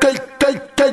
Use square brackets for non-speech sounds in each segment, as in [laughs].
tëj tëj tëj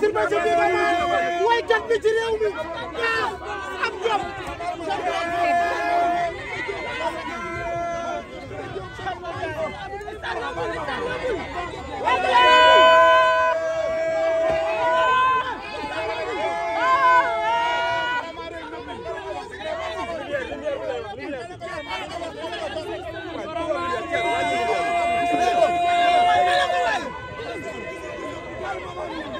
affirmation bi nga may waykat bi ci réew mi waaw am jom Thank you.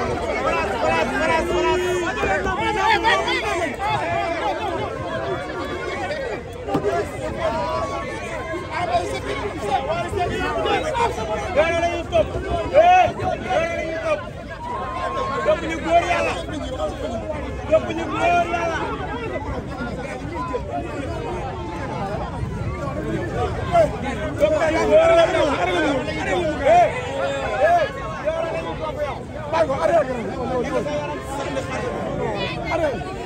doy na la ñuy topp eh doy na la ñuy topp topp ñu góor yàlla topp ñu góor yàlla. topp nañu góor yàlla eh eh yow la ñuy topp yow.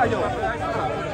Ayo.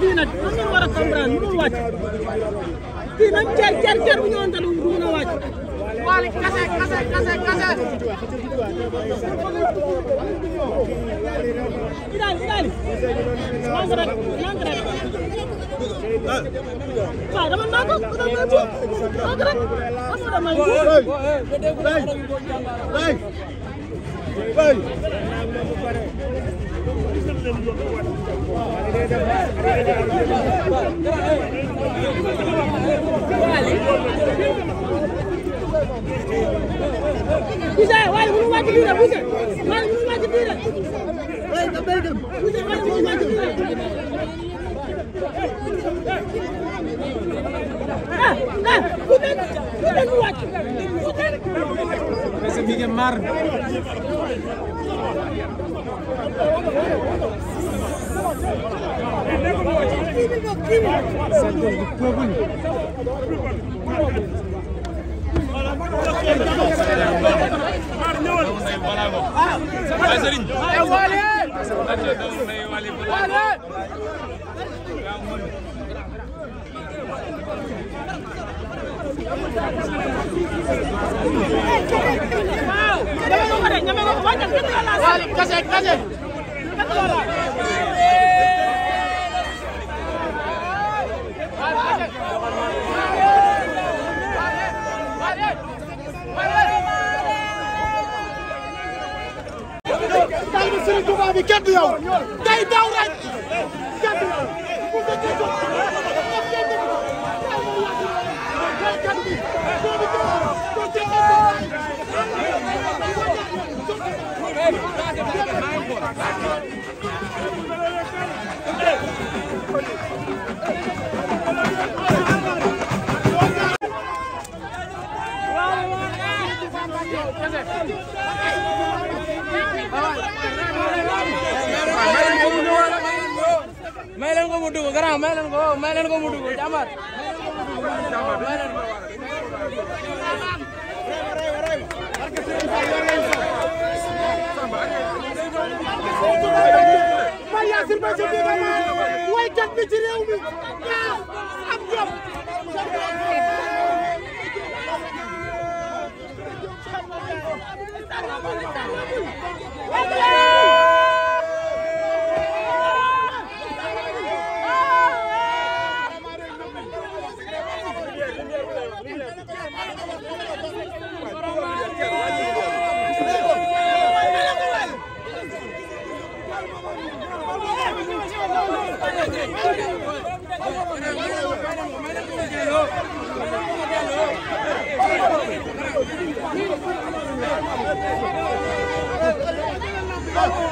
bii nag am nañu war a comprendre mënul wàcc fii nag jar jar jar bu ñëwoon du mën a wàcc. Waly kase kase kase kase. Idaali Idaali. Nank rek nank rek. waaw dama nank ko dama nank ko nank rek. ah ah bu dee bu dee Myanmar. Secteur Sëriñ Tuubaa bi kenn du yow day daw rek kenn du yow mu dugg grand may leen ko may leen ko mu dugg jàmbaar may leen ko Maria Sirba ci biir waykat bi ci réew mi waaw am jom Thank you. Go!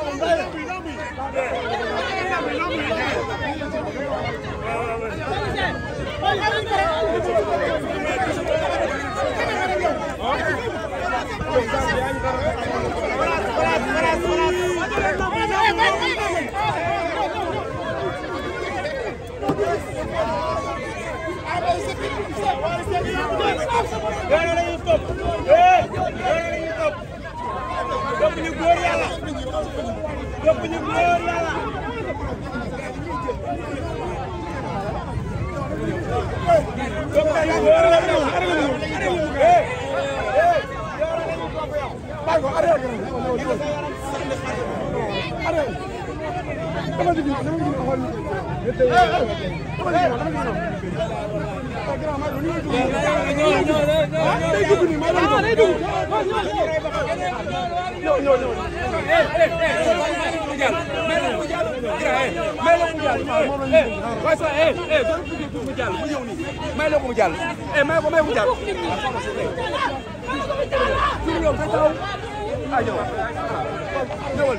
yoon la ñuy topp yoon la ñuy topp topp ñu góor yàlla topp ñu góor yàlla topp ñu góor yàlla Ayol, ayol.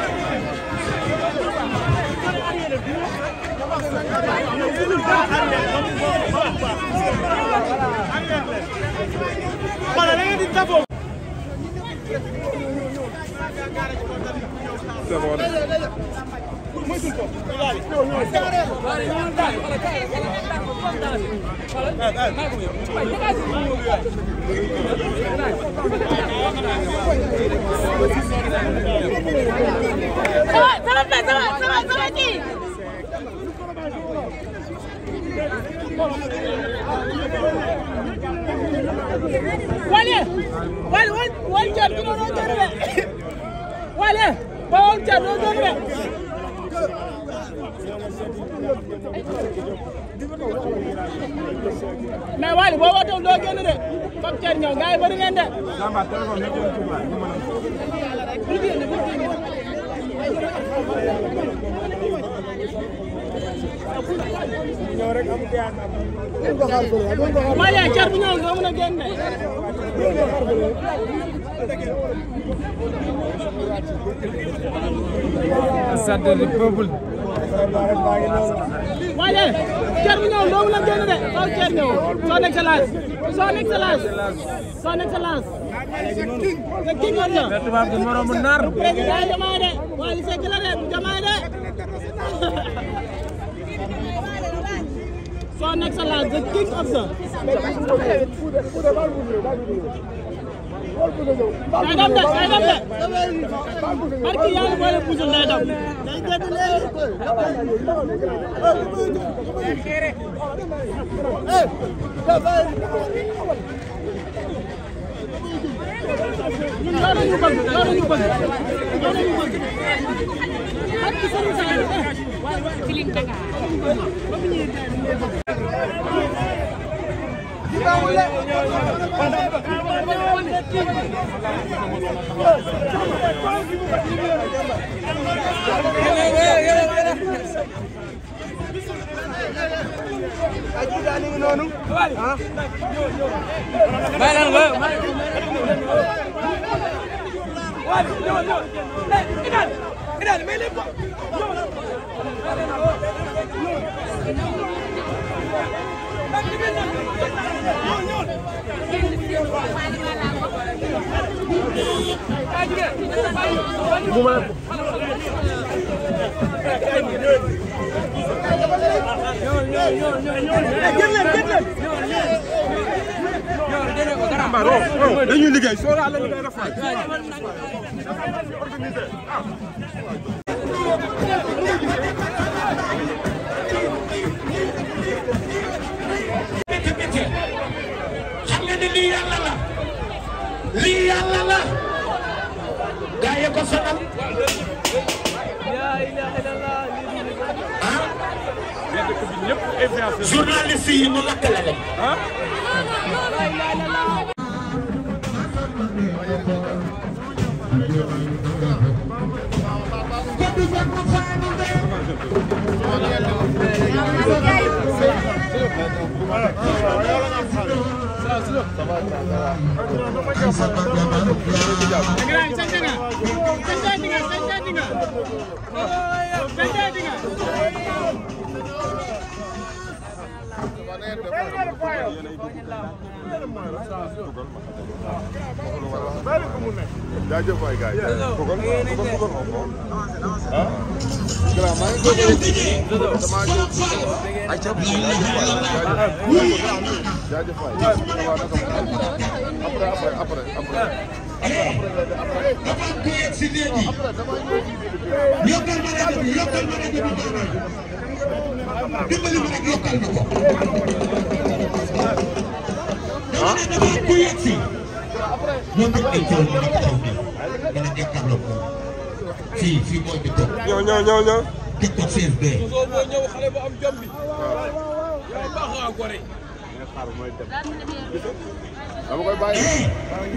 wale wale wale wale wale wale wale wale mais Waly boo wootee doo génn de Pape Thier ñëw gars yi bëri ngeen de. bu ñëwul doo mën a génn de. waaye cer bi ñëw ndoomu la génn de faw cer ñëw son excellence son excellence son excellence te king on la président jamaay de Wally Seck la de jamaay de [laughs] son excellence the king of the day dem de day dem de barki yàlla boo leen puusul day dem. ñun loolu ñu bëgg loolu ñu bëgg loolu ñu bëgg. barki sëriñ Sall. Vai, vai, vai. dañuy liggéey soo la lañu day rafet xam nga ne lii yàlla la lii yàlla la gaa yi ko sonal ah? journaliste yi mu lakk la leen ah? Ah? Senjata jaajëf waay gars yi. dimbali ma rek yokkal ma ko. ah dama ne ku yegg si. ñoom it ay coono la ko taw bi dana jàkkaarloo ko fii fii moo ñu toog. ñëw ñëw ñëw ñëw. teg ko CFB.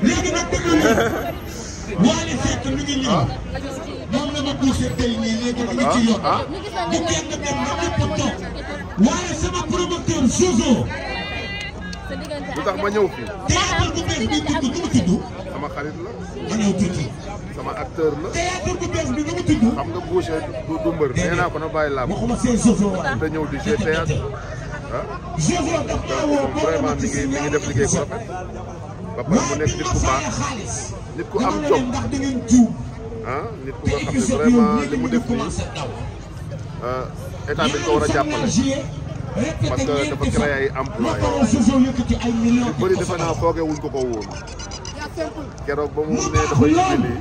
léegi nag déglu [laughs] Wally Seck mi ngi nii moom la ma poussé tey nii léegi mi ngi ci yoon ah. bu kenn dem na ñëpp toog waaye sama promoteur Soso. lu tax ma ñëw fii. théâtre bu bees bi tudd nu mu tudd. sama xarit la. ma ñëw tuuti. sama acteur la. théâtre bu bees bi nu mu tudd. xam nga boucher du du mbër nee naa ko na bàyyi làmb. waxuma seen Soso waaye. te ñëw di jouer théâtre ah. Soso daf maa woo vraiment mi ngi mi ngi def liggéey bu rafet. ba pare mu nekk nit ku baax. nit ku am jom ah nit ku nga xam ne vraiment li mu def nii ah, état bi ko war a jàppale parce que dafa créé ay emploi yu bëri defe naa foogewuñ ko ko woon keroog ba mu ne dafay ubbi lii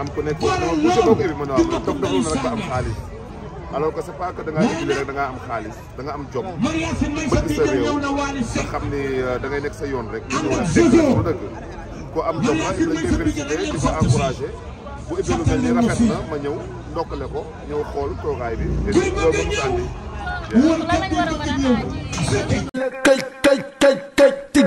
am ku nekk monsieur Bogue bi ma ne waaw man toog deful na rek ba am xaalis alors que c'est pas que da ngaa ubbi rek da ngaa am xaalis da nga am jom bëgg sa réew nga xam ni euh, da ngay nekk sa yoon rek ñu ñëw rek dégg nga dëgg. ko am jom la il lañ félicité di ko encouragé bu ëppee lu ni rafet na ma ñëw ndokkale ko ñëw xool toogaay bi te loolu ba mu tànni. lan lañ war a a